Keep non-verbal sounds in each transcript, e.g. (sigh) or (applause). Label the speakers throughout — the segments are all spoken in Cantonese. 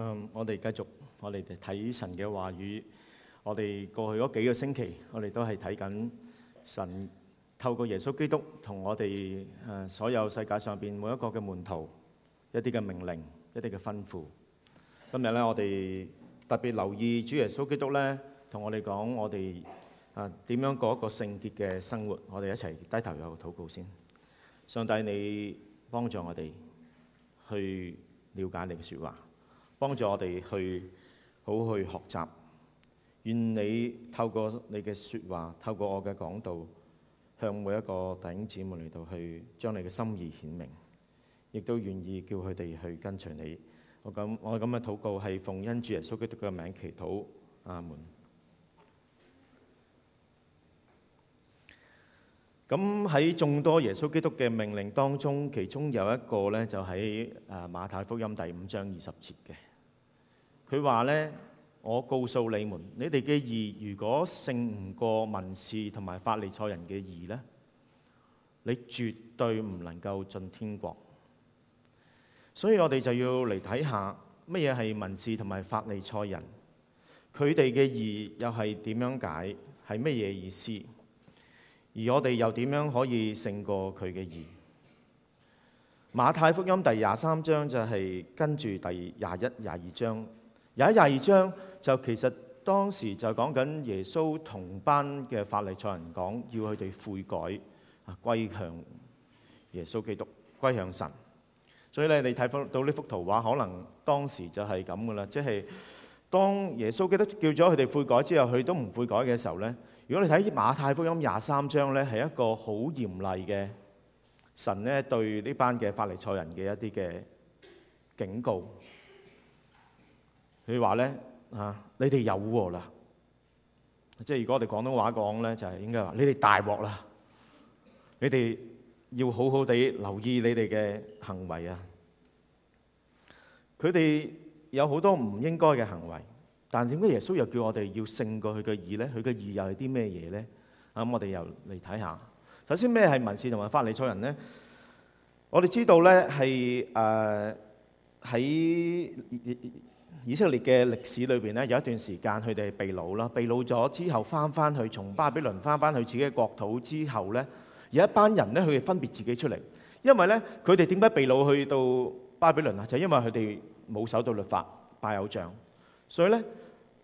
Speaker 1: 嗯，um, 我哋繼續，我哋睇神嘅話語。我哋過去嗰幾個星期，我哋都係睇緊神透過耶穌基督同我哋誒、呃、所有世界上邊每一個嘅門徒一啲嘅命令、一啲嘅吩咐。今日咧，我哋特別留意主耶穌基督咧，同我哋講我哋誒點樣過一個聖潔嘅生活。我哋一齊低頭有個禱告先。上帝，你幫助我哋去了解你嘅説話。幫助我哋去好去學習，願你透過你嘅説話，透過我嘅講道，向每一個弟兄姊妹嚟到去將你嘅心意顯明，亦都願意叫佢哋去跟隨你。我咁我咁嘅禱告係奉恩主耶穌基督嘅名祈禱，阿門。咁喺眾多耶穌基督嘅命令當中，其中有一個咧，就喺誒馬太福音第五章二十節嘅。佢話咧：「我告訴你們，你哋嘅義如果勝唔過文士同埋法利賽人嘅義咧，你絕對唔能夠進天國。」所以我哋就要嚟睇下乜嘢係文士同埋法利賽人，佢哋嘅義又係點樣解，係乜嘢意思？而我哋又點樣可以勝過佢嘅義？馬太福音第廿三章就係跟住第廿一、廿二章。廿一、廿二章就其實當時就講緊耶穌同班嘅法利賽人講，要佢哋悔改啊，歸向耶穌基督，歸向神。所以咧，你睇到呢幅圖畫，可能當時就係咁噶啦，即係當耶穌基督叫咗佢哋悔改之後，佢都唔悔改嘅時候咧。如果你睇《馬太福音》廿三章咧，係一個好嚴厲嘅神咧，對呢班嘅法利賽人嘅一啲嘅警告。佢話咧嚇，你哋有禍啦！即係如果我哋廣東話講咧，就係應該話你哋大鑊啦！你哋要好好地留意你哋嘅行為啊！佢哋有好多唔應該嘅行為。但點解耶穌又叫我哋要勝過佢嘅義咧？佢嘅義又係啲咩嘢咧？咁、啊、我哋又嚟睇下。首先咩係文士同埋法利賽人咧？我哋知道咧，係誒喺以色列嘅歷史裏邊咧，有一段時間佢哋被擄啦，被擄咗之後翻翻去，從巴比倫翻翻去自己嘅國土之後咧，有一班人咧，佢哋分別自己出嚟，因為咧佢哋點解被擄去到巴比倫啊？就係、因為佢哋冇守到律法、拜偶像。所以咧，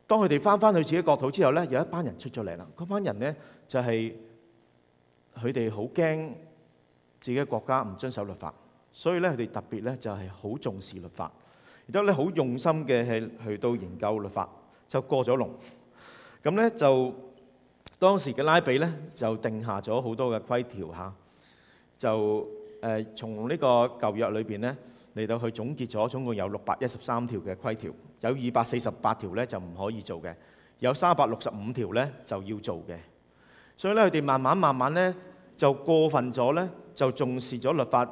Speaker 1: 當佢哋返返去自己國土之後咧，有一班人出咗嚟啦。嗰班人咧就係佢哋好驚自己嘅國家唔遵守律法，所以咧佢哋特別咧就係好重視律法，亦都咧好用心嘅係去到研究律法，就過咗龍。咁咧就當時嘅拉比咧就定下咗好多嘅規條嚇，就誒從呢個舊約裏邊咧。嚟到去總結咗總共有六百一十三條嘅規條，有二百四十八條咧就唔可以做嘅，有三百六十五條咧就要做嘅。所以咧佢哋慢慢慢慢咧就過分咗咧，就重視咗立法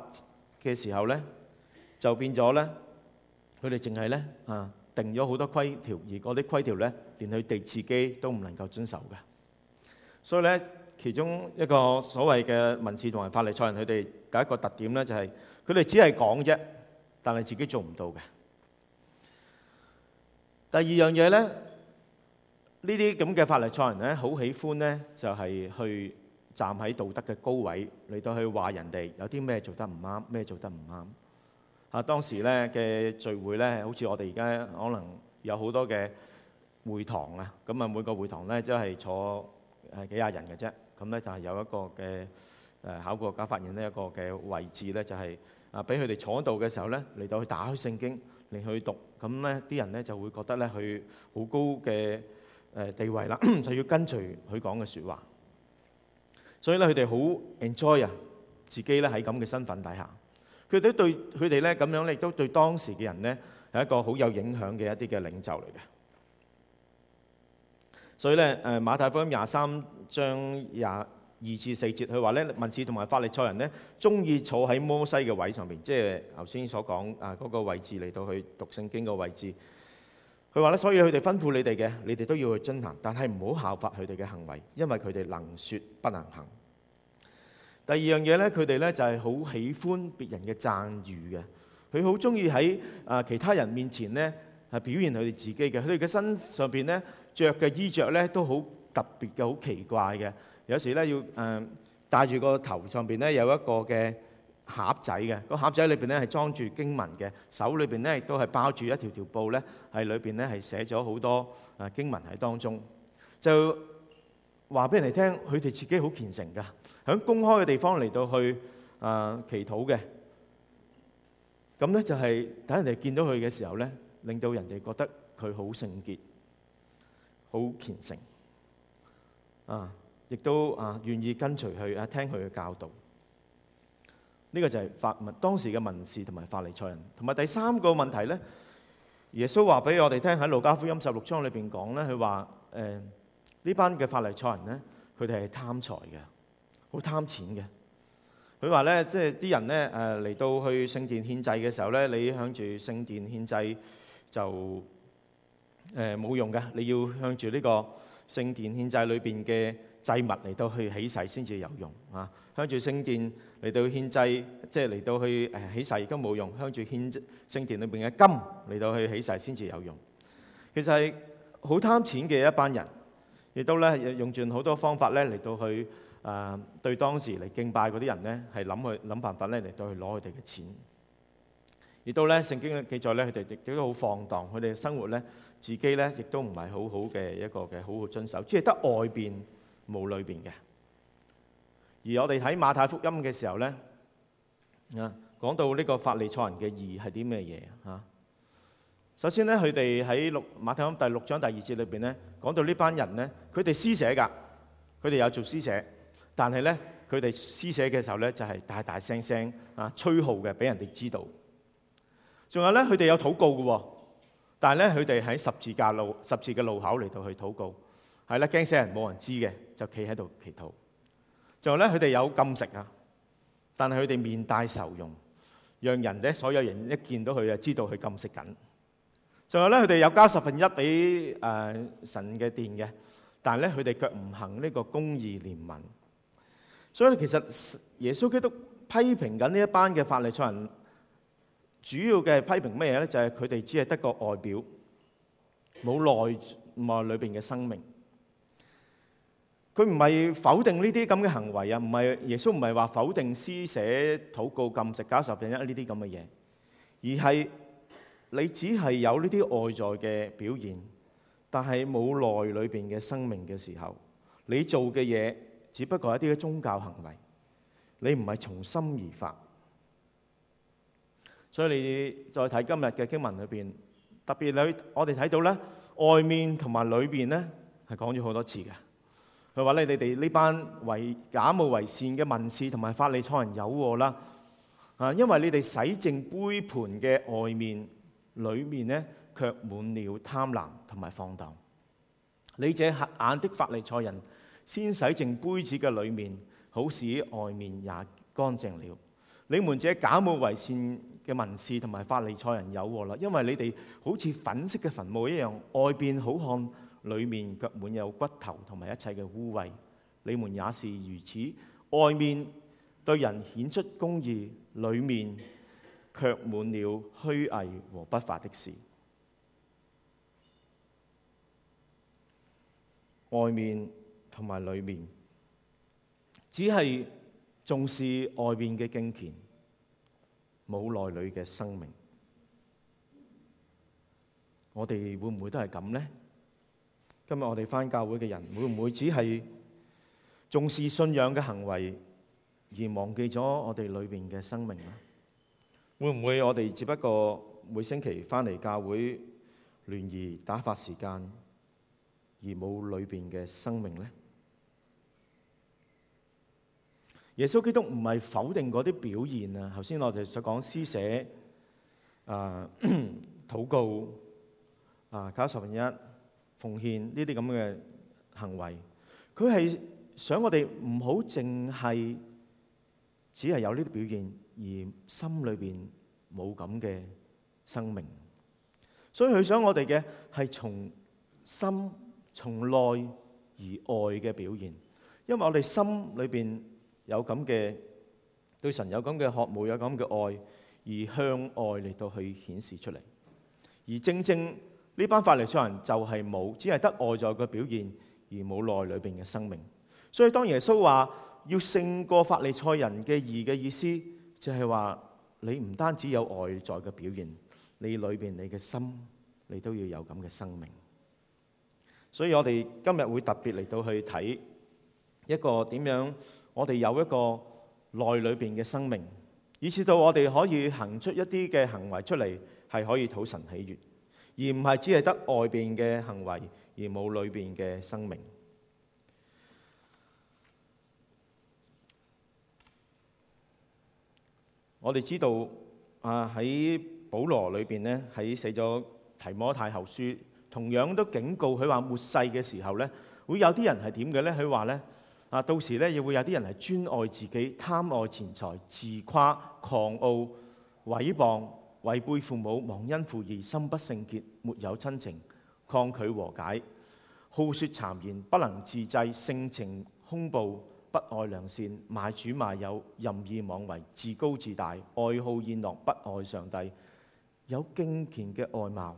Speaker 1: 嘅時候咧，就變咗咧，佢哋淨係咧啊定咗好多規條，而嗰啲規條咧連佢哋自己都唔能夠遵守嘅。所以咧其中一個所謂嘅文士同埋法利賽人，佢哋嘅一個特點咧就係佢哋只係講啫。但係自己做唔到嘅。第二樣嘢咧，呢啲咁嘅法利賽人咧，好喜歡咧，就係去站喺道德嘅高位嚟到去話人哋有啲咩做得唔啱，咩做得唔啱。啊，當時咧嘅聚會咧，好似我哋而家可能有好多嘅會堂啊，咁啊每個會堂咧即係坐係幾廿人嘅啫，咁咧就係有一個嘅誒考古學家發現咧一個嘅位置咧就係。啊！俾佢哋坐喺度嘅時候咧，嚟到去打開聖經嚟去讀，咁咧啲人咧就會覺得咧，佢好高嘅誒地位啦， (coughs) 就要跟隨佢講嘅説話。所以咧，佢哋好 enjoy 啊，自己咧喺咁嘅身份底下，佢哋對佢哋咧咁樣，亦都對當時嘅人咧係一個好有影響嘅一啲嘅領袖嚟嘅。所以咧，誒馬太福音廿三章廿。二次四節，佢話咧，文士同埋法利賽人咧，中意坐喺摩西嘅位上面，即係頭先所講啊嗰個位置嚟到去讀聖經嘅位置。佢話咧，所以佢哋吩咐你哋嘅，你哋都要去遵行，但係唔好效法佢哋嘅行為，因為佢哋能説不能行。第二樣嘢咧，佢哋咧就係好喜歡別人嘅讚譽嘅，佢好中意喺啊其他人面前咧係表現佢哋自己嘅，佢哋嘅身上邊咧著嘅衣著咧都好。特別嘅好奇怪嘅，有時咧要誒戴住個頭上邊咧有一個嘅盒仔嘅個盒仔裏邊咧係裝住經文嘅，手裏邊咧亦都係包住一條條布咧，喺裏邊咧係寫咗好多誒經文喺當中，就話俾人哋聽，佢哋自己好虔誠㗎，響公開嘅地方嚟到去誒祈禱嘅，咁咧就係等人哋見到佢嘅時候咧，令到人哋覺得佢好聖潔，好虔誠。啊，亦都啊願意跟隨去啊，聽佢嘅教導。呢、這個就係法文當時嘅文士同埋法利賽人。同埋第三個問題咧，耶穌話俾我哋聽喺路加福音十六章裏邊講咧，佢話誒呢班嘅法利賽人咧，佢哋係貪財嘅，好貪錢嘅。佢話咧，即係啲人咧誒嚟到去聖殿獻祭嘅時候咧，你向住聖殿獻祭就誒冇、呃、用嘅，你要向住呢、這個。聖殿獻祭裏邊嘅祭物嚟到去起誓先至有用啊！向住聖殿嚟到獻祭，即係嚟到去誒、哎、起誓都冇用。向住獻聖殿裏邊嘅金嚟到去起誓先至有用。其實好貪錢嘅一班人，亦都咧用盡好多方法咧嚟到去誒、呃、對當時嚟敬拜嗰啲人咧係諗去諗辦法咧嚟到去攞佢哋嘅錢。亦都咧，聖經嘅記載咧，佢哋亦都好放蕩。佢哋生活咧，自己咧亦都唔係好好嘅一個嘅好好遵守，只係得外邊冇裏邊嘅。而我哋喺馬太福音嘅時候咧啊，講到呢個法利賽人嘅義係啲咩嘢啊？首先咧，佢哋喺六馬太福音第六章第二節裏邊咧，講到呢班人咧，佢哋施捨㗎，佢哋有做施捨，但係咧，佢哋施捨嘅時候咧就係、是、大大聲聲啊，吹號嘅，俾人哋知道。仲有咧，佢哋有禱告嘅、哦，但係咧，佢哋喺十字架路十字嘅路口嚟到去禱告，係啦，驚死人冇人知嘅，就企喺度祈禱。仲有咧，佢哋有禁食啊，但係佢哋面帶愁容，讓人咧所有人一見到佢啊，就知道佢禁食緊。仲有咧，佢哋有加十分一俾誒神嘅殿嘅，但係咧，佢哋卻唔行呢個公義憐憫。所以其實耶穌基督批評緊呢一班嘅法利賽人。主要嘅批評乜嘢咧？就係佢哋只係得個外表，冇內內裏邊嘅生命。佢唔係否定呢啲咁嘅行為啊，唔係耶穌唔係話否定施捨、禱告、禁食、交十一呢啲咁嘅嘢，而係你只係有呢啲外在嘅表現，但係冇內裏邊嘅生命嘅時候，你做嘅嘢只不過係一啲嘅宗教行為，你唔係從心而發。所以你再睇今日嘅經文裏邊，特別喺我哋睇到咧，外面同埋裏邊呢係講咗好多次嘅。佢話你哋呢班為假冒為善嘅文士同埋法利賽人有禍啦，啊，因為你哋洗淨杯盤嘅外面，裏面呢，卻滿了貪婪同埋放蕩。你這瞎眼的法利賽人，先洗淨杯子嘅裏面，好叫外面也乾淨了。你們這假冒為善嘅文士同埋法利賽人有禍啦，因為你哋好似粉色嘅墳墓一樣，外面好看，裏面卻滿有骨頭同埋一切嘅污穢。你們也是如此，外面對人顯出公義，裏面卻滿了虛偽和不法的事。外面同埋裏面，只係重視外面嘅敬虔。冇內裏嘅生命，我哋會唔會都係咁呢？今日我哋翻教會嘅人，會唔會只係重視信仰嘅行為，而忘記咗我哋裏邊嘅生命呢？會唔會我哋只不過每星期翻嚟教會，聯誼打發時間，而冇裏邊嘅生命呢？耶穌基督唔係否定嗰啲表現啊，頭先我哋就講施捨有咁嘅對神，有咁嘅渴慕，有咁嘅愛，而向外嚟到去顯示出嚟。而正正呢班法利賽人就係冇，只係得外在嘅表現，而冇內裏邊嘅生命。所以當耶穌話要勝過法利賽人嘅義嘅意思，就係話你唔單止有外在嘅表現，你裏邊，你嘅心你都要有咁嘅生命。所以我哋今日會特別嚟到去睇一個點樣。我哋有一個內裏邊嘅生命，以至到我哋可以行出一啲嘅行為出嚟，係可以討神喜悅，而唔係只係得外邊嘅行為而冇裏邊嘅生命。我哋知道啊，喺保羅裏邊咧，喺寫咗提摩太後書，同樣都警告佢話，「末世嘅時候呢，會有啲人係點嘅呢？」佢話呢。啊，到時呢，亦會有啲人係專愛自己、貪愛錢財、自誇、狂傲、毀謗、違背父母、忘恩負義、心不聖潔、沒有親情、抗拒和解、好說讒言、不能自制、性情兇暴、不愛良善、賣主賣友、任意妄為、自高自大、愛好宴樂、不愛上帝。有敬虔嘅外貌，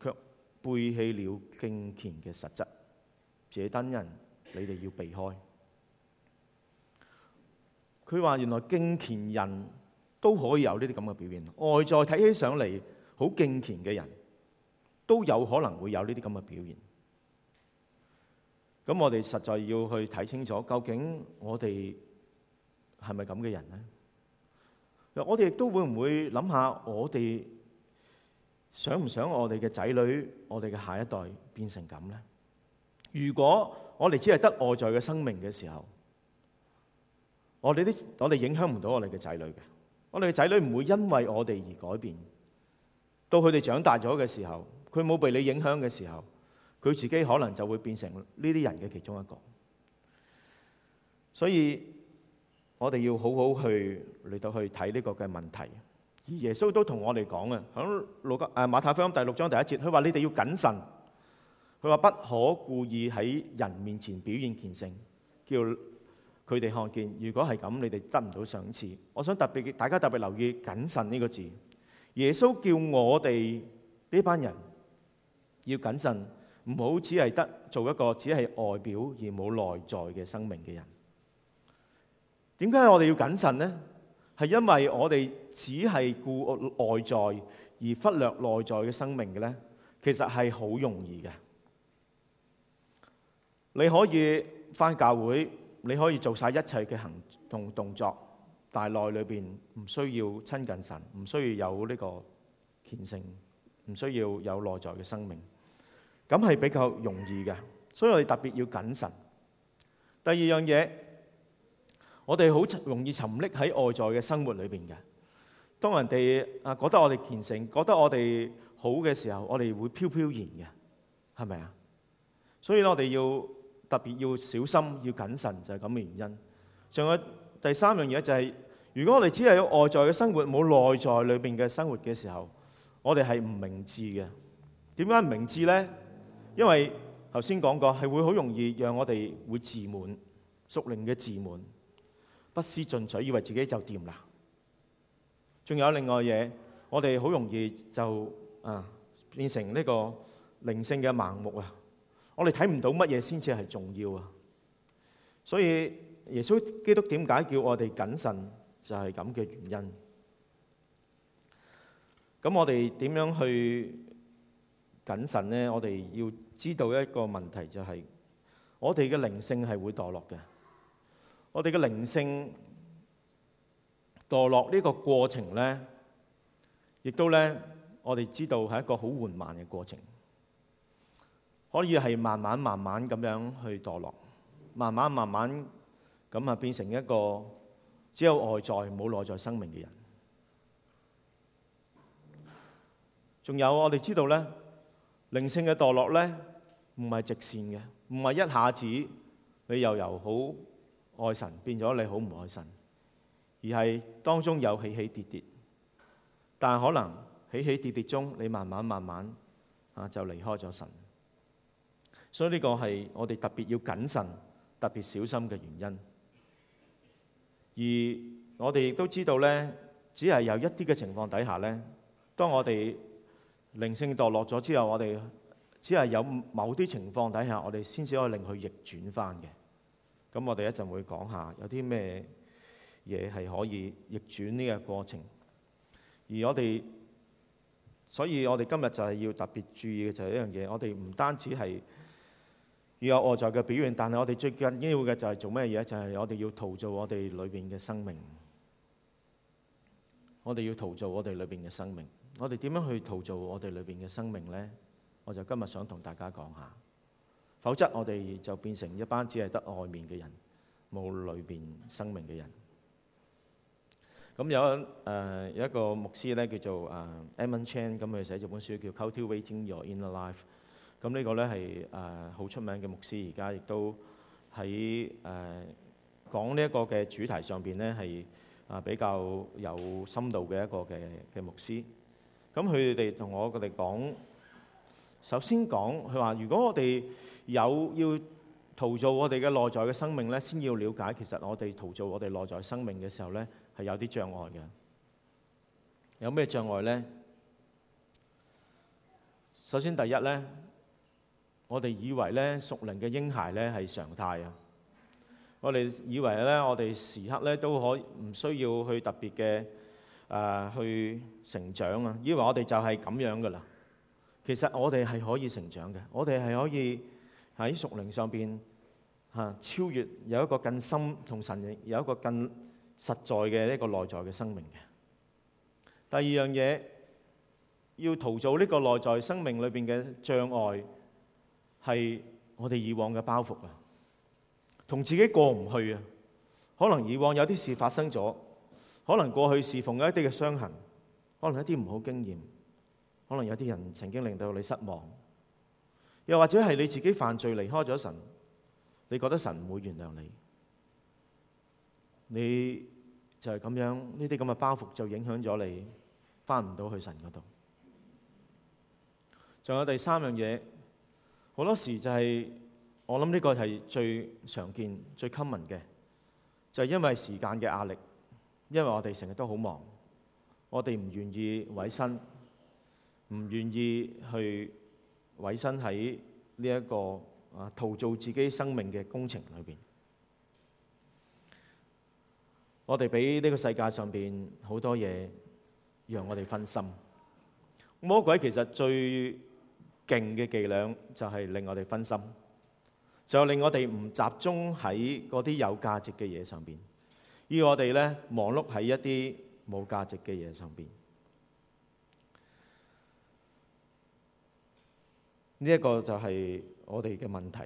Speaker 1: 卻背棄了敬虔嘅實質，這等人你哋要避開。佢話：原來敬虔人都可以有呢啲咁嘅表現，外在睇起上嚟好敬虔嘅人都有可能會有呢啲咁嘅表現。咁我哋實在要去睇清楚，究竟我哋係咪咁嘅人呢？我哋亦都會唔會諗下，我哋想唔想我哋嘅仔女、我哋嘅下一代變成咁呢？如果我哋只係得外在嘅生命嘅時候，我哋啲我哋影響唔到我哋嘅仔女嘅，我哋嘅仔女唔會因為我哋而改變。到佢哋長大咗嘅時候，佢冇被你影響嘅時候，佢自己可能就會變成呢啲人嘅其中一個。所以，我哋要好好去嚟到去睇呢個嘅問題。而耶穌都同我哋講啊，響路加誒，馬太福音第六章第一節，佢話你哋要謹慎，佢話不可故意喺人面前表現虔誠，叫佢哋看見，如果係咁，你哋得唔到賞賜？我想特別，大家特別留意謹慎呢個字。耶穌叫我哋呢班人要謹慎，唔好只係得做一個只係外表而冇內在嘅生命嘅人。點解我哋要謹慎呢？係因為我哋只係顧外在而忽略內在嘅生命嘅呢？其實係好容易嘅。你可以返教會。你可以做晒一切嘅行動動作，但係內裏邊唔需要親近神，唔需要有呢個虔誠，唔需要有內在嘅生命，咁係比較容易嘅。所以我哋特別要謹慎。第二樣嘢，我哋好容易沉溺喺外在嘅生活裏邊嘅。當人哋啊覺得我哋虔誠，覺得我哋好嘅時候，我哋會飄飄然嘅，係咪啊？所以我哋要。特別要小心，要謹慎，就係咁嘅原因。仲有第三樣嘢就係，如果我哋只係有外在嘅生活，冇內在裏邊嘅生活嘅時候，我哋係唔明智嘅。點解唔明智呢？因為頭先講過，係會好容易讓我哋會自滿，屬靈嘅自滿，不思進取，以為自己就掂啦。仲有另外嘢，我哋好容易就啊變成呢個靈性嘅盲目啊。我哋睇唔到乜嘢先至係重要啊。可以係慢慢慢慢咁樣去墮落，慢慢慢慢咁啊，變成一個只有外在冇內在生命嘅人。仲有我哋知道咧，靈性嘅墮落咧，唔係直線嘅，唔係一下子你又由好愛神變咗你好唔愛神，而係當中有起起跌跌，但可能起起跌跌中，你慢慢慢慢啊就離開咗神。所以呢個係我哋特別要謹慎、特別小心嘅原因。而我哋亦都知道呢，只係有一啲嘅情況底下呢，當我哋靈性墮落咗之後，我哋只係有某啲情況底下，我哋先至可以令佢逆轉翻嘅。咁我哋一陣會講下有啲咩嘢係可以逆轉呢個過程。而我哋，所以我哋今日就係要特別注意嘅就係一樣嘢，我哋唔單止係，要有外在嘅表現，但係我哋最緊要嘅就係做咩嘢？就係我哋要陶造我哋裏邊嘅生命。我哋要陶造我哋裏邊嘅生命。我哋點樣去陶造我哋裏邊嘅生命咧？我就今日想同大家講下。否則我哋就變成一班只係得外面嘅人，冇裏邊生命嘅人。咁有誒有一個牧師咧，叫做誒 Emmanuel Chan，咁佢寫咗本書叫《Cultivating Your Inner Life》。咁呢個咧係誒好出名嘅牧師，而家亦都喺誒講呢一個嘅主題上邊咧係啊比較有深度嘅一個嘅嘅牧師。咁佢哋同我佢哋講，首先講佢話：如果我哋有要陶造我哋嘅內在嘅生命咧，先要了解其實我哋陶造我哋內在生命嘅時候咧係有啲障礙嘅。有咩障礙咧？首先第一咧。我哋以為咧屬靈嘅嬰孩咧係常態啊！我哋以為咧，我哋時刻咧都可以唔需要去特別嘅誒去成長啊！以為我哋就係咁樣噶啦。其實我哋係可以成長嘅，我哋係可以喺屬靈上邊嚇，超越有一個更深同神嘅，有一個更實在嘅一個內在嘅生命嘅。第二樣嘢要逃走呢個內在生命裏邊嘅障礙。係我哋以往嘅包袱啊，同自己過唔去啊，可能以往有啲事發生咗，可能過去侍奉咗一啲嘅傷痕，可能一啲唔好經驗，可能有啲人曾經令到你失望，又或者係你自己犯罪離開咗神，你覺得神唔會原諒你，你就係咁樣，呢啲咁嘅包袱就影響咗你翻唔到去神嗰度。仲有第三樣嘢。好多時就係、是、我諗呢個係最常見、最 common 嘅，就係、是、因為時間嘅壓力，因為我哋成日都好忙，我哋唔願意委身，唔願意去委身喺呢一個啊，陶造自己生命嘅工程裏邊。我哋俾呢個世界上邊好多嘢讓我哋分心，魔鬼其實最勁嘅伎倆就係令我哋分心，就令我哋唔集中喺嗰啲有價值嘅嘢上邊，而我哋咧忙碌喺一啲冇價值嘅嘢上邊。呢一個就係我哋嘅問題。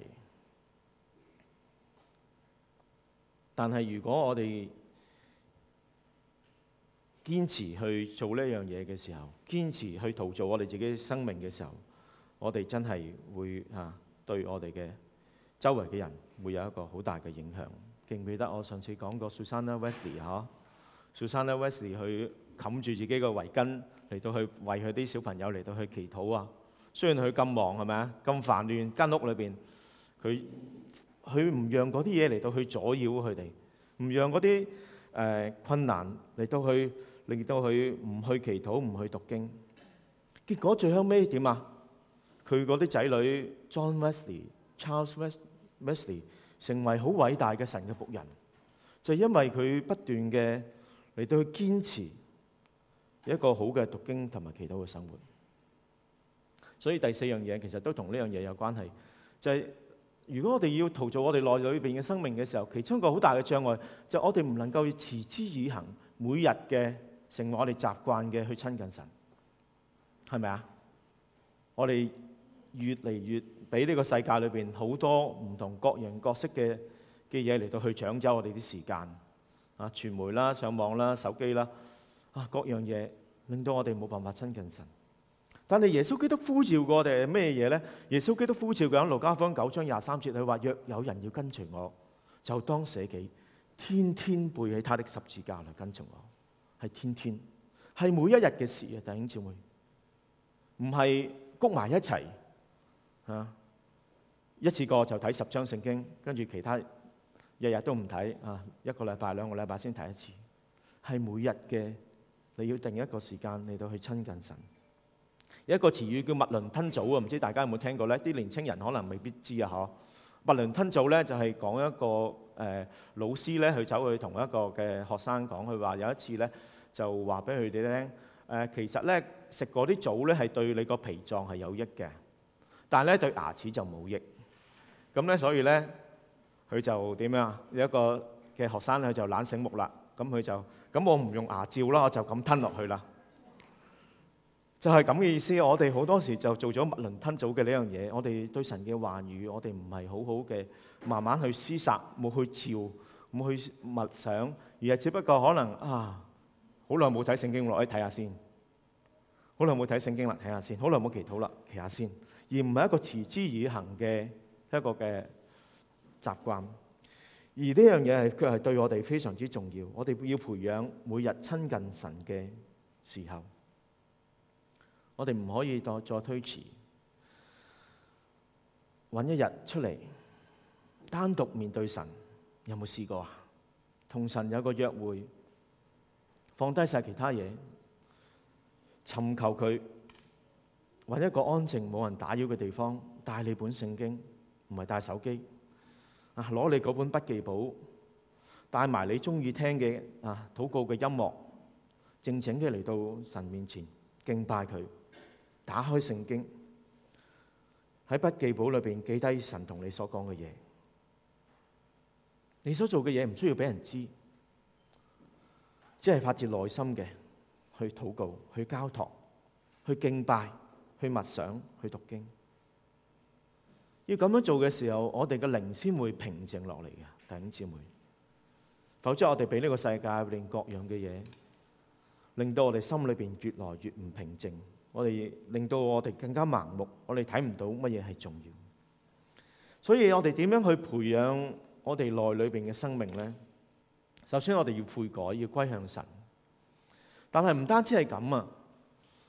Speaker 1: 但係如果我哋堅持去做呢樣嘢嘅時候，堅持去陶造我哋自己生命嘅時候，我哋真係會嚇對我哋嘅周圍嘅人會有一個好大嘅影響。記唔記得我上次講過 Susanna Wesley 嚇？Susanna Wesley 去冚住自己嘅圍巾嚟到去為佢啲小朋友嚟到去祈禱啊！雖然佢咁忙係咪啊？咁煩亂，間屋裏邊，佢佢唔讓嗰啲嘢嚟到去阻擾佢哋，唔讓嗰啲誒困難嚟到去令到佢唔去祈禱、唔去讀經。結果最後尾點啊？佢嗰啲仔女，John Wesley、Charles Wesley 成為好偉大嘅神嘅僕人，就係因為佢不斷嘅嚟到去堅持一個好嘅讀經同埋祈禱嘅生活。所以第四樣嘢其實都同呢樣嘢有關係，就係如果我哋要逃走我哋內裏邊嘅生命嘅時候，其中一個好大嘅障礙就係我哋唔能夠持之以恆，每日嘅成為我哋習慣嘅去親近神，係咪啊？我哋。越嚟越俾呢個世界裏邊好多唔同各樣各色嘅嘅嘢嚟到去搶走我哋啲時間啊！傳媒啦、上網啦、手機啦啊，各樣嘢令到我哋冇辦法親近神。但係耶穌基督呼召過我哋係咩嘢咧？耶穌基督呼召嘅喺《路加福音》九章廿三節，佢話：若有人要跟隨我，就當捨己，天天背起他的十字架來跟從我。係天天係每一日嘅事啊！弟兄姊妹，唔係谷埋一齊。嚇、啊！一次過就睇十章聖經，跟住其他日日都唔睇啊！一個禮拜、兩個禮拜先睇一次，係每日嘅。你要定一個時間你到去親近神。有一個詞語叫囫圇吞棗啊，唔知大家有冇聽過呢？啲年青人可能未必知啊～嗬！囫圇吞棗呢，就係、是、講一個誒、呃、老師呢，佢走去同一個嘅學生講，佢話有一次呢，就話俾佢哋聽誒，其實呢，食嗰啲棗呢，係對你個脾臟係有益嘅。但係咧，對牙齒就冇益。咁咧，所以咧佢就點樣啊？有一個嘅學生咧就懶醒目啦，咁佢就咁，我唔用牙照啦，我就咁吞落去啦，就係咁嘅意思。我哋好多時就做咗囫圇吞棗嘅呢樣嘢。我哋對神嘅話語，我哋唔係好好嘅，慢慢去思察，冇去照冇去默想，而係只不過可能啊，好耐冇睇聖經去睇下先看看；好耐冇睇聖經啦，睇下先看看；好耐冇祈禱啦，看看祈下先看看。而唔係一個持之以恒嘅一個嘅習慣，而呢樣嘢係佢係對我哋非常之重要。我哋要培養每日親近神嘅時候，我哋唔可以再再推遲，搵一日出嚟，單獨面對神。有冇試過啊？同神有個約會，放低晒其他嘢，尋求佢。揾一個安靜冇人打擾嘅地方，帶你本聖經，唔係帶手機。啊，攞你嗰本筆記簿，帶埋你中意聽嘅啊，禱告嘅音樂，靜靜嘅嚟到神面前敬拜佢，打開聖經，喺筆記簿裏邊記低神同你所講嘅嘢。你所做嘅嘢唔需要俾人知，只係發自內心嘅去禱告、去交託、去敬拜。去默想，去讀經。要咁樣做嘅時候，我哋嘅靈先會平靜落嚟嘅，弟兄姊妹。否則我哋俾呢個世界令各樣嘅嘢，令到我哋心裏邊越來越唔平靜。我哋令到我哋更加盲目，我哋睇唔到乜嘢係重要。所以我哋點樣去培養我哋內裏邊嘅生命咧？首先我哋要悔改，要歸向神。但係唔單止係咁啊！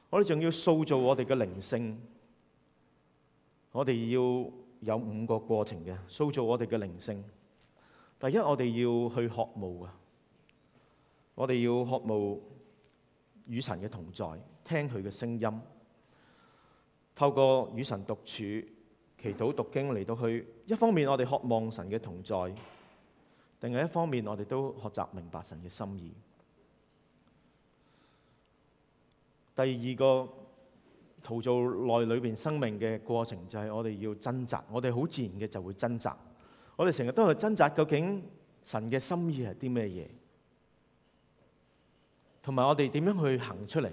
Speaker 1: 我哋仲要塑造我哋嘅靈性，我哋要有五個過程嘅塑造我哋嘅靈性。第一，我哋要去學慕啊，我哋要學慕與神嘅同在，聽佢嘅聲音。透過與神獨處、祈禱、讀經嚟到去，一方面我哋渴望神嘅同在，另外一方面我哋都學習明白神嘅心意。第二個陶造內裏邊生命嘅過程，就係我哋要掙扎。我哋好自然嘅就會掙扎。我哋成日都係掙扎，究竟神嘅心意係啲咩嘢？同埋我哋點樣去行出嚟？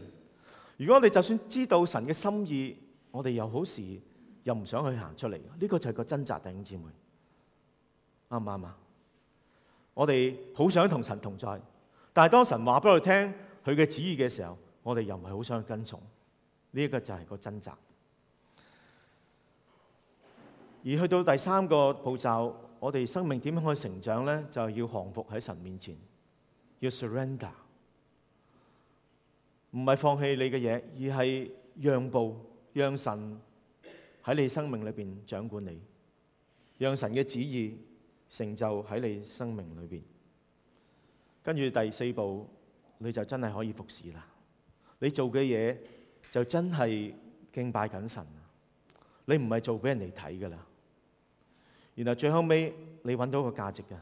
Speaker 1: 如果我哋就算知道神嘅心意，我哋又好時又唔想去行出嚟。呢、呢個就係個掙扎，弟兄姊妹啱唔啱啊？我哋好想同神同在，但係當神話俾我哋聽佢嘅旨意嘅時候。我哋又唔係好想去跟從，呢一個就係個掙扎。而去到第三個步驟，我哋生命點樣去成長呢？就係要降服喺神面前，要 surrender，唔係放棄你嘅嘢，而係讓步，讓神喺你生命裏邊掌管你，讓神嘅旨意成就喺你生命裏邊。跟住第四步，你就真係可以服侍啦。你做嘅嘢就真係敬拜緊神，你唔係做俾人哋睇噶啦。然後最後尾你搵到個價值噶，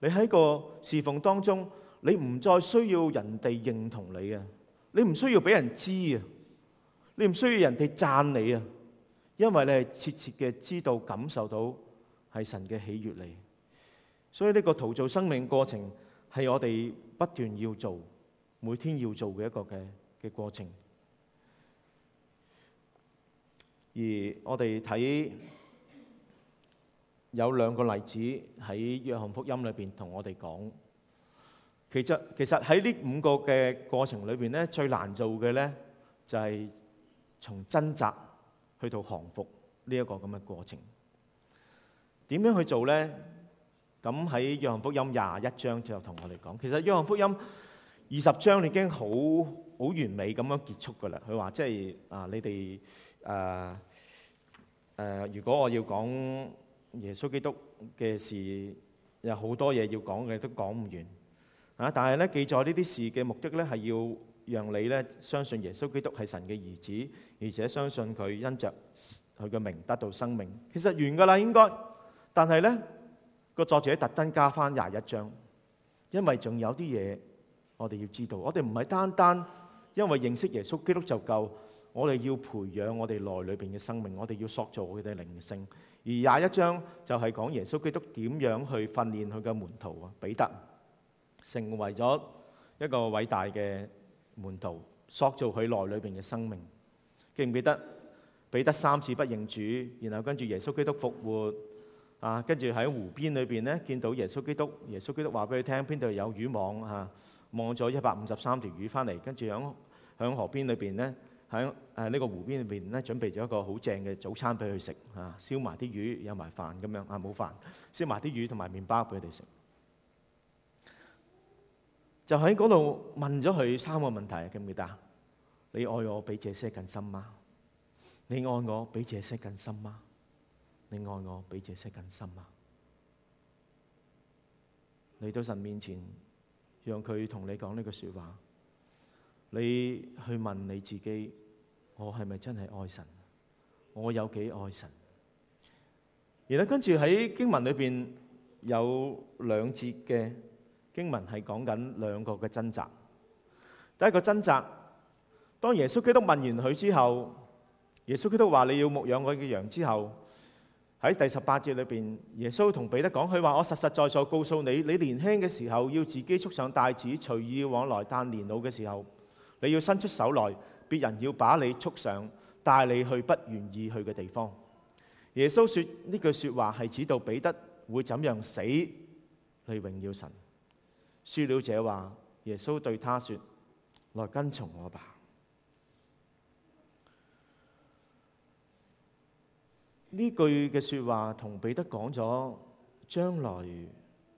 Speaker 1: 你喺個侍奉當中，你唔再需要人哋認同你啊，你唔需要俾人知啊，你唔需要人哋讚你啊，因為你係切切嘅知道感受到係神嘅喜悅你，所以呢個陶造生命過程係我哋不斷要做。每天要做嘅一個嘅嘅過程，而我哋睇有兩個例子喺約翰福音裏邊同我哋講。其實其實喺呢五個嘅過程裏邊咧，最難做嘅咧就係從掙扎去到降服呢一個咁嘅過程。點樣去做咧？咁喺約翰福音廿一章就同我哋講。其實約翰福音。二十章已經好好完美咁樣結束噶啦。佢話：即係啊，你哋誒誒，如果我要講耶穌基督嘅事，有好多嘢要講嘅都講唔完啊。但係咧，記載呢啲事嘅目的咧，係要讓你咧相信耶穌基督係神嘅兒子，而且相信佢因着佢嘅名得到生命。其實完噶啦，應該，但係咧個作者特登加返廿一章，因為仲有啲嘢。我哋要知道，我哋唔係單單因為認識耶穌基督就夠。我哋要培養我哋內裏邊嘅生命，我哋要塑造我哋靈性。而廿一章就係講耶穌基督點樣去訓練佢嘅門徒啊，彼得成為咗一個偉大嘅門徒，塑造佢內裏邊嘅生命。記唔記得彼得三次不認主，然後跟住耶穌基督復活啊，跟住喺湖邊裏邊呢見到耶穌基督，耶穌基督話俾佢聽邊度有魚網啊。望咗一百五十三條魚翻嚟，跟住喺喺河邊裏邊咧，喺誒呢個湖邊裏邊咧，準備咗一個好正嘅早餐俾佢食啊！燒埋啲魚，有埋飯咁樣啊，冇飯燒埋啲魚同埋麵包俾佢哋食。就喺嗰度問咗佢三個問題，記唔記得？你愛我比這些更深嗎？你愛我比這些更深嗎？你愛我比這些更深嗎？嚟到神面前。讓佢同你講呢句說話，你去問你自己，我係咪真係愛神？我有幾愛神？然後跟住喺經文裏邊有兩節嘅經文係講緊兩個嘅掙扎。第一個掙扎，當耶穌基督問完佢之後，耶穌基督話你要牧養我嘅羊之後。喺第十八節裏邊，耶穌同彼得講，佢話：我實實在在告訴你，你年輕嘅時候要自己束上帶子，隨意往來；但年老嘅時候，你要伸出手來，別人要把你束上，帶你去不願意去嘅地方。耶穌說呢句說話係指導彼得會怎樣死嚟榮耀神。說了這話，耶穌對他說：來跟從我吧。呢句嘅說話同彼得講咗，將來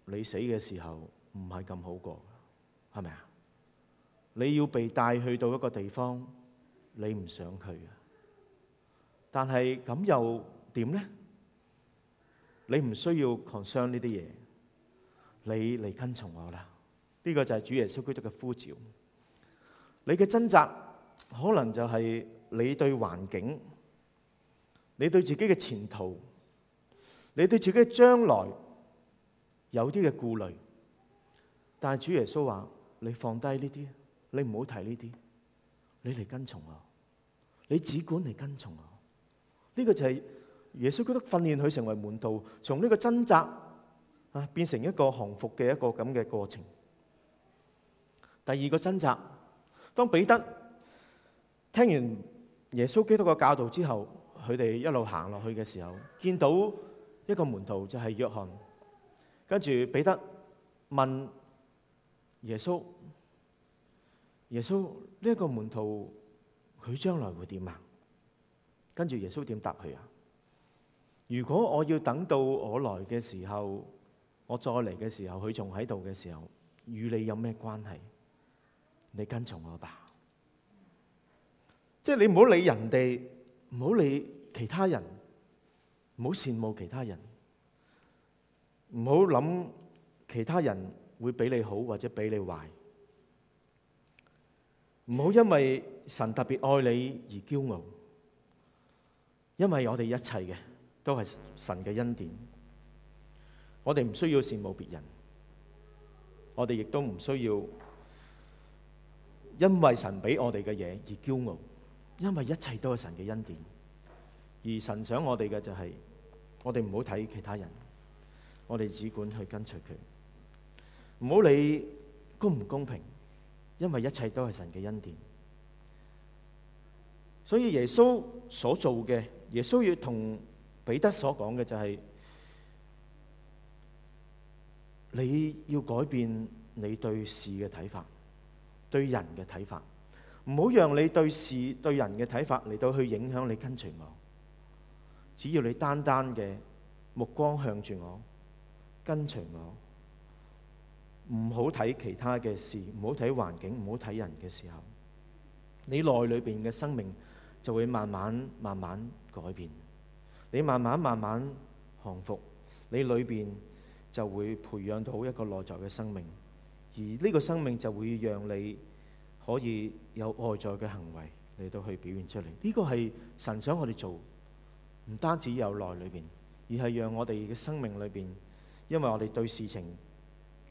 Speaker 1: 你死嘅時候唔係咁好過，係咪啊？你要被帶去到一個地方，你唔想去啊？但係咁又點呢？你唔需要 concern 呢啲嘢，你嚟跟從我啦。呢個就係主耶穌基督嘅呼召。你嘅掙扎可能就係你對環境。你對自己的前途，你對自己的將來，有些的顧慮。但主耶穌說，你放棄低這些，你不要提這些，你來跟從我，你只管來跟從我。這個就是耶穌基督訓練佢成為門徒，從這個掙扎變成一個降服的一個這樣的過程。第二個掙扎，當彼得聽完耶穌基督的教導之後，佢哋一路行落去嘅時候，見到一個門徒就係約翰，跟住彼得問耶穌：耶穌呢個門徒佢將來會點啊？跟住耶穌點答佢啊？如果我要等到我來嘅時候，我再嚟嘅時候，佢仲喺度嘅時候，與你有咩關係？你跟從我吧。即係你唔好理人哋，唔好理。其他人唔好羨慕其他人，唔好諗其他人會比你好或者比你壞，唔好因為神特別愛你而驕傲，因為我哋一切嘅都係神嘅恩典，我哋唔需要羨慕別人，我哋亦都唔需要因為神俾我哋嘅嘢而驕傲，因為一切都係神嘅恩典。而神想我哋嘅就係，我哋唔好睇其他人，我哋只管去跟隨佢，唔好理公唔公平，因為一切都係神嘅恩典。所以耶穌所做嘅，耶穌要同彼得所講嘅就係，你要改變你對事嘅睇法，對人嘅睇法，唔好讓你對事對人嘅睇法嚟到去影響你跟隨我。只要你單單嘅目光向住我，跟隨我，唔好睇其他嘅事，唔好睇環境，唔好睇人嘅時候，你內裏邊嘅生命就會慢慢慢慢改變，你慢慢慢慢降服，你裏邊就會培養到一個內在嘅生命，而呢個生命就會讓你可以有外在嘅行為，你都可以表現出嚟。呢、這個係神想我哋做。唔單止有內裏邊，而係讓我哋嘅生命裏邊，因為我哋對事情、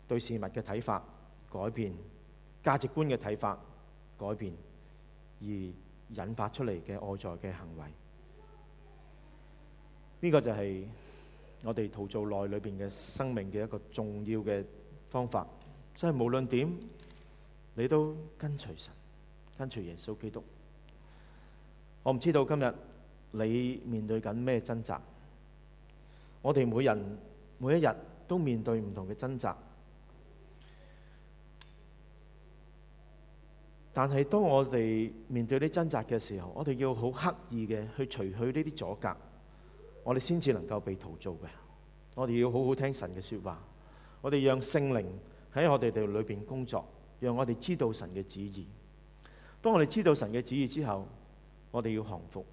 Speaker 1: 對事物嘅睇法改變，價值觀嘅睇法改變，而引發出嚟嘅外在嘅行為。呢個就係我哋陶造內裏邊嘅生命嘅一個重要嘅方法。即係無論點，你都跟隨神，跟隨耶穌基督。我唔知道今日，你面對緊咩掙扎？我哋每人每一日都面對唔同嘅掙扎，但係當我哋面對呢啲掙扎嘅時候，我哋要好刻意嘅去除去呢啲阻隔，我哋先至能夠被陶做造嘅。我哋要好好聽神嘅説話，我哋讓聖靈喺我哋度裏邊工作，讓我哋知道神嘅旨意。當我哋知道神嘅旨意之後，我哋要降服。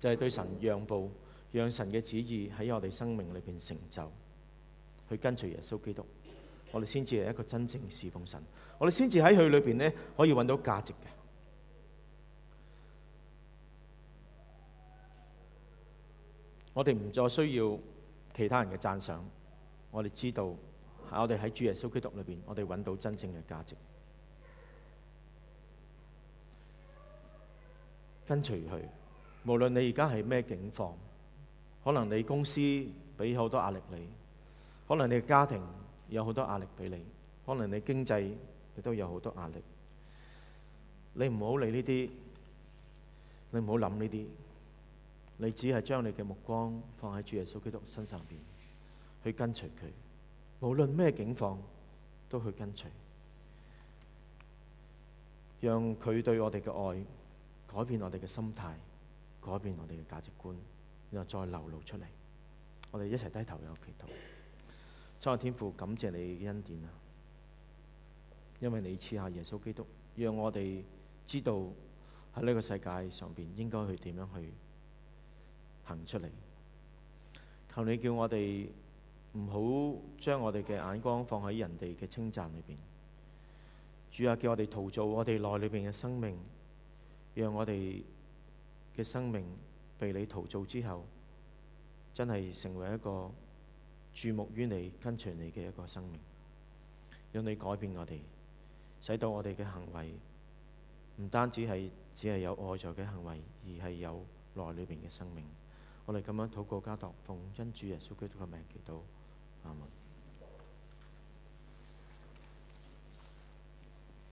Speaker 1: 就係對神讓步，讓神嘅旨意喺我哋生命裏邊成就，去跟隨耶穌基督，我哋先至係一個真正侍奉神，我哋先至喺佢裏邊呢可以揾到價值嘅。我哋唔再需要其他人嘅讚賞，我哋知道喺，我哋喺主耶穌基督裏邊，我哋揾到真正嘅價值，跟隨佢。無論你而家係咩境況，可能你公司畀好多壓力你，可能你嘅家庭有好多壓力俾你，可能你經濟亦都有好多壓力。你唔好理呢啲，你唔好諗呢啲，你只係將你嘅目光放喺主耶穌基督身上邊，去跟隨佢。無論咩境況，都去跟隨，讓佢對我哋嘅愛改變我哋嘅心態。改變我哋嘅價值觀，然後再流露出嚟。我哋一齊低頭有祈禱。創造天父感謝你嘅恩典啊！因為你賜下耶穌基督，讓我哋知道喺呢個世界上邊應該去點樣去行出嚟。求你叫我哋唔好將我哋嘅眼光放喺人哋嘅稱讚裏邊。主啊，叫我哋陶造我哋內裏邊嘅生命，讓我哋嘅生命被你陶造之後，真係成為一個注目於你、跟隨你嘅一個生命，讓你改變我哋，使到我哋嘅行為唔單止係只係有外在嘅行為，而係有內裏邊嘅生命。我哋咁樣禱告家：交託奉恩主耶穌基督嘅名祈禱，阿門。